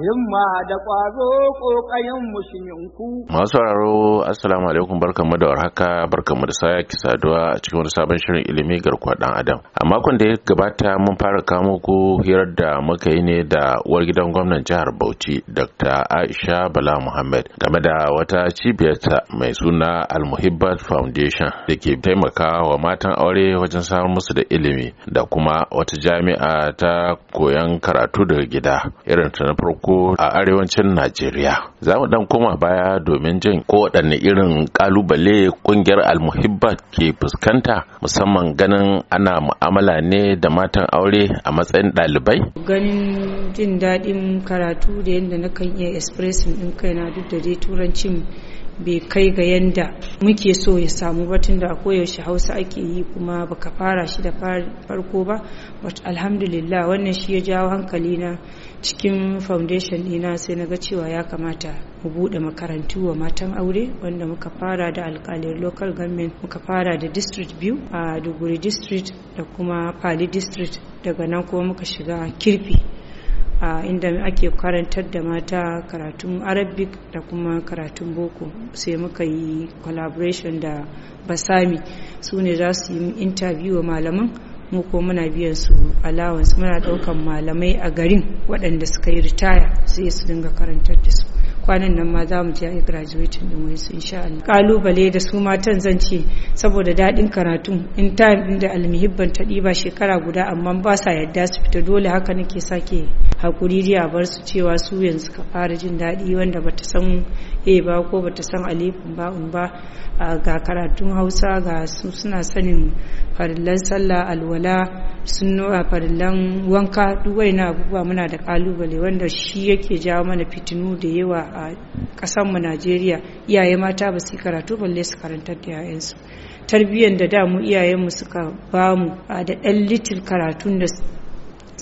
himma da ƙwazo ƙoƙayen musulminku. Masu sauraro assalamu alaikum mu da warhaka barkanmu da sake saduwa a cikin wani sabon shirin ilimi garkuwa ɗan adam. A makon da ya gabata mun fara kamo ku hirar da muka yi ne da uwar gidan gwamnan jihar Bauchi Dr. Aisha Bala Muhammad game da wata cibiyarta mai suna al Muhibbat Foundation da ke taimaka wa matan aure wajen samar musu da ilimi da kuma wata jami'a ta koyan karatu daga gida irin ta na farko farko a arewacin Najeriya. Za mu dan koma baya domin jin ko waɗanne irin ƙalubale ƙungiyar almuhibba ke fuskanta musamman ganin ana mu'amala ne da matan aure a matsayin ɗalibai. Ganin jin daɗin karatu da yadda na kan iya expressing ɗin kaina duk da dai turancin bai kai ga yanda muke so ya samu ba da a koyaushe hausa ake yi kuma baka fara shi da farko ba but alhamdulillah wannan shi ya jawo hankali na cikin foundation ɗina sai na ga cewa ya kamata mu buɗe makarantu wa matan aure wanda muka fara da alkalin local government muka fara da district biyu a duguri district da kuma pali district daga nan kuma muka shiga kirfi a inda ake karantar da mata karatun arabic da kuma karatun boko sai muka yi collaboration da basami su ne za su yi interview malaman mu ko muna biyan su allowance muna daukan malamai a garin waɗanda suka yi ritaya sai su dinga karantar da su kwanan nan ma za mu je a yi graduating din wai su insha Allah kalubale da su matan zan ce saboda dadin karatu in ta da almihibban ta ɗiba shekara guda amma ba sa yadda su fita dole haka nake sake hakuri a bar su cewa su yanzu ka fara jin daɗi wanda bata san eh ba ko bata san alifin ba un ba ga karatun hausa ga suna sanin farillan sallah alwala sunnuwa farillan wanka duk na abubuwa muna da kalubale wanda shi yake jawo mana fitinu da yawa a kasanmu najeriya iyaye mata ba su karatu balle su karantar da 'ya'yansu tarbiyyar da damu iyayenmu suka bamu da ɗan litir karatun da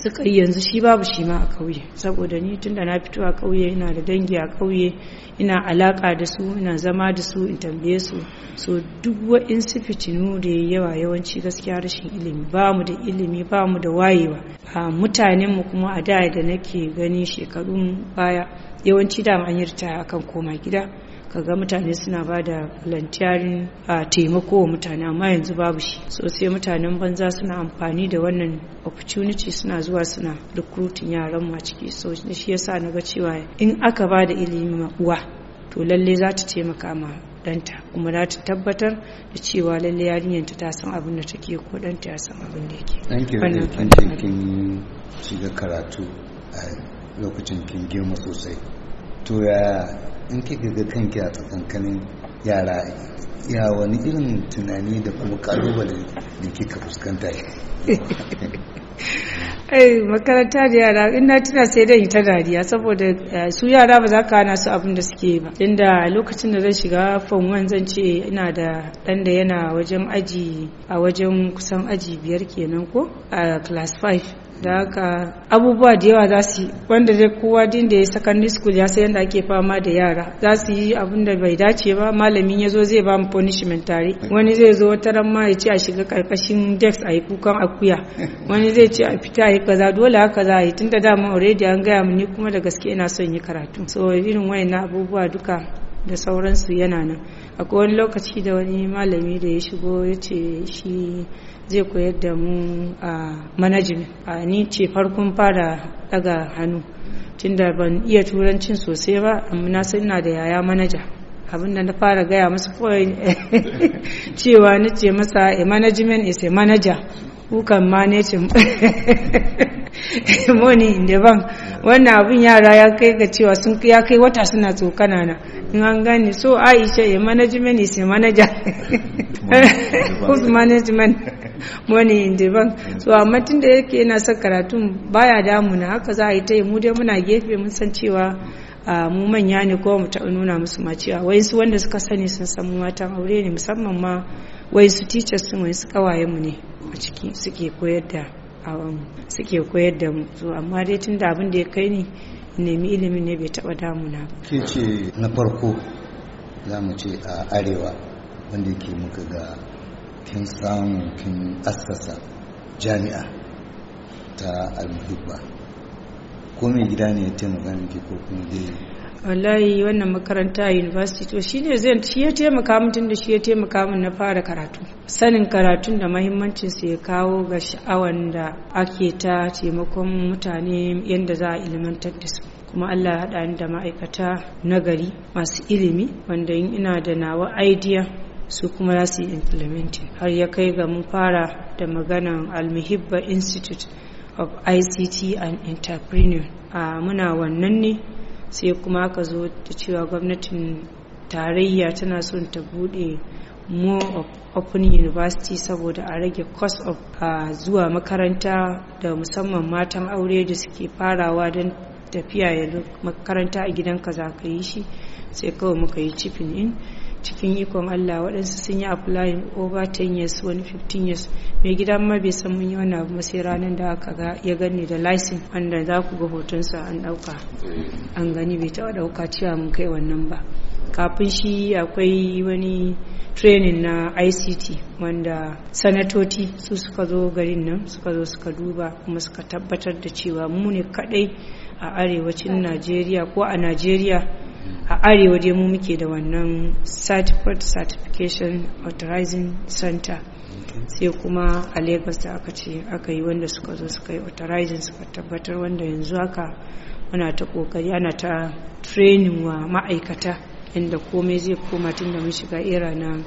yi yanzu shi babu shi ma a ƙauye saboda ni tun da na fito a ƙauye ina da dangi a ƙauye ina alaƙa da su ina zama da su in tambaye su so duk wa'insu fitinu da ya yawa yawanci gaskiya rashin ilimi ba mu da ilimi ba mu da wayewa a mutanen mu kuma a da da nake gani shekarun baya yawanci da an yi ritaya akan koma gida Ka ga mutane suna ba da volunteering a ah, taimako wa mutane amma yanzu babu shi so sai mutanen banza suna amfani da wannan opportunity suna zuwa suna recruiting yaran mu a ciki so shi yasa na ga cewa in aka ba da ilimi ma uwa to lalle za ta taimaka ma danta kuma za ta tabbatar da cewa lalle yarinyarta ta san abin da take ko danta ya san abin da yake kin shiga karatu a lokacin kin girma sosai to ya in kika ga kanki a tsakankanin yara ya wani irin tunani da kuma kalubale da kika fuskanta shi ai eh, makaranta da yara in na tuna sai dai ta dariya saboda eh, su yara ba za ka hana su abin da suke ba inda lokacin da zan shiga fom zan ce ina da dan da yana wajen aji a wajen kusan aji biyar kenan ko a class five. da haka abubuwa da yawa za su yi wanda dai kowa din da ya secondary school ya san yadda ake fama da yara za su yi abin da bai dace ba malamin ya zo zai ba mu punishment tare wani zai zo wata ran ya ce a shiga karkashin desk a yi kukan akuya wani zai ce a fita a yi kaza dole haka za a yi tun tunda dama already an gaya mu ni kuma da gaske ina son yi karatu so irin wayannan abubuwa duka da sauransu yana nan akwai wani lokaci da wani malami da ya shigo ya ce shi zai koyar da mu a management a ni ce farkon fara daga hannu tunda ban iya turancin sosai ba amma na san ina da yaya manaja abin da na fara gaya masu kawai cewa na ce masa a management is a manager who can manage Moni in wannan abin yara ya kai ga cewa sun ya kai wata suna tsokana na in an gani so aisha ya eh, management is a manager who's management Moni in so amma tun da yake yana son karatun baya damuna haka za a yi ta yi mu dai muna gefe mun san cewa mu manya ne ko mu taɓa nuna musu ma cewa wai wanda suka sani sun san mu matan aure ne musamman ma wai su teachers sun wai su kawayen mu ne a ciki suke koyar da Um, suke koyar da mu amma dai tun da abin da ya kai ni nemi ilimin ne bai taba damu na. ke ce na farko za mu ce a arewa wanda ke muka ga kin samu kin assasa jami'a ta almuhibba ko mai gida ne ya taimaka miki ko kuma dai wallahi wannan makaranta university to shi ne zai shi ya taimaka min tun da shi ya taimaka min na fara karatu sanin karatun da mahimmancin su ya kawo ga sha'awan da ake ta taimakon mutane yadda za a ilimantar da su kuma Allah ya haɗa ni da ma'aikata nagari masu ilimi wanda in ina da nawa idea su kuma za su yi implementing har ya kai ga mun fara da maganan muhibba institute of ict and entrepreneur a muna wannan ne sai kuma ka zo da cewa gwamnatin tarayya tana son ta bude more of open university saboda a rage cost of zuwa makaranta da musamman matan aure da suke farawa don tafiya ya makaranta a ka za ka yi shi sai kawai muka yi chipping in cikin ikon Allah waɗansu sun yi applying over 10 years wani 15 years mai gida ma bai san mun yi wani abu sai ranar da aka ga ya gani da license wanda za ku ga hotonsa an ɗauka an gani bai taɓa ɗauka cewa mun kai wannan ba kafin shi akwai wani training na ict wanda sanatoci su suka zo garin nan suka zo suka duba kuma suka tabbatar da cewa mu ne kadai a arewacin najeriya ko a najeriya arewa dai mu muke da wannan certificate certification authorizing center sai kuma a lagos da aka ce aka yi wanda suka zo suka yi authorizing suka tabbatar wanda yanzu haka muna ta kokari ana ta training wa ma'aikata inda komai zai koma tun da mun shiga era na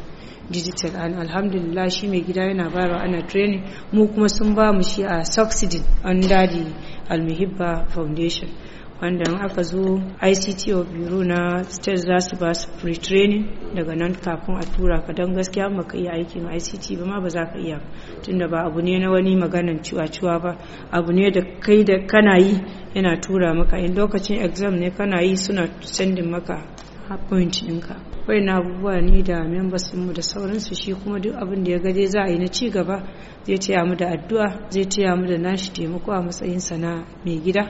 digital and alhamdulillah shi mai gida yana bayarwa ana training mu kuma sun ba mu shi a subsidy under the almuhibba foundation wanda in aka zo ict of bureau na state za su ba su pre-training daga nan kafin a tura ka don gaskiya ba ka iya aikin ict ba ma ba za ka iya tunda ba abu ne na wani maganan ciwa-ciwa ba abu ne da kai da kana yi yana tura maka in lokacin exam ne kana yi suna sendin maka point ɗinka na abubuwa ni da members da sauransu shi kuma duk abin da ya gaje za a yi na ci gaba zai taya mu da addu'a zai taya mu da nashi taimako a matsayinsa na mai gida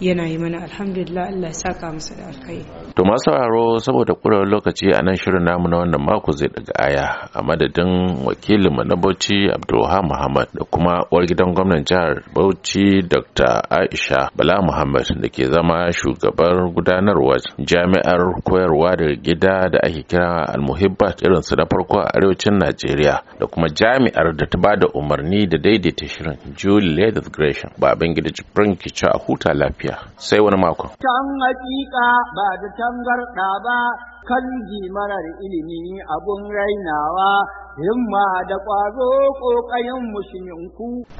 yana yi mana alhamdulillah Allah ya saka masa da alkhairi To masu sauraro saboda kura lokaci a nan shirin namu na wannan mako zai daga aya a madadin wakilinmu na Bauchi Abdulwahab Muhammad da kuma uwar gidan gwamnan jihar Bauchi Dr. Aisha Bala Muhammad da ke zama shugabar gudanarwa jami'ar koyarwa da gida da ake kira Almuhibbat irin su na farko a arewacin Najeriya da kuma jami'ar da ta bada umarni da daidaita shirin Julie ladies Gresham baban gida Jibrin Kicha a huta lafiya sai wani makon. tangarɗa ba kan marar ilimi abun rainawa himma da ƙwazo ƙoƙayen musulminku.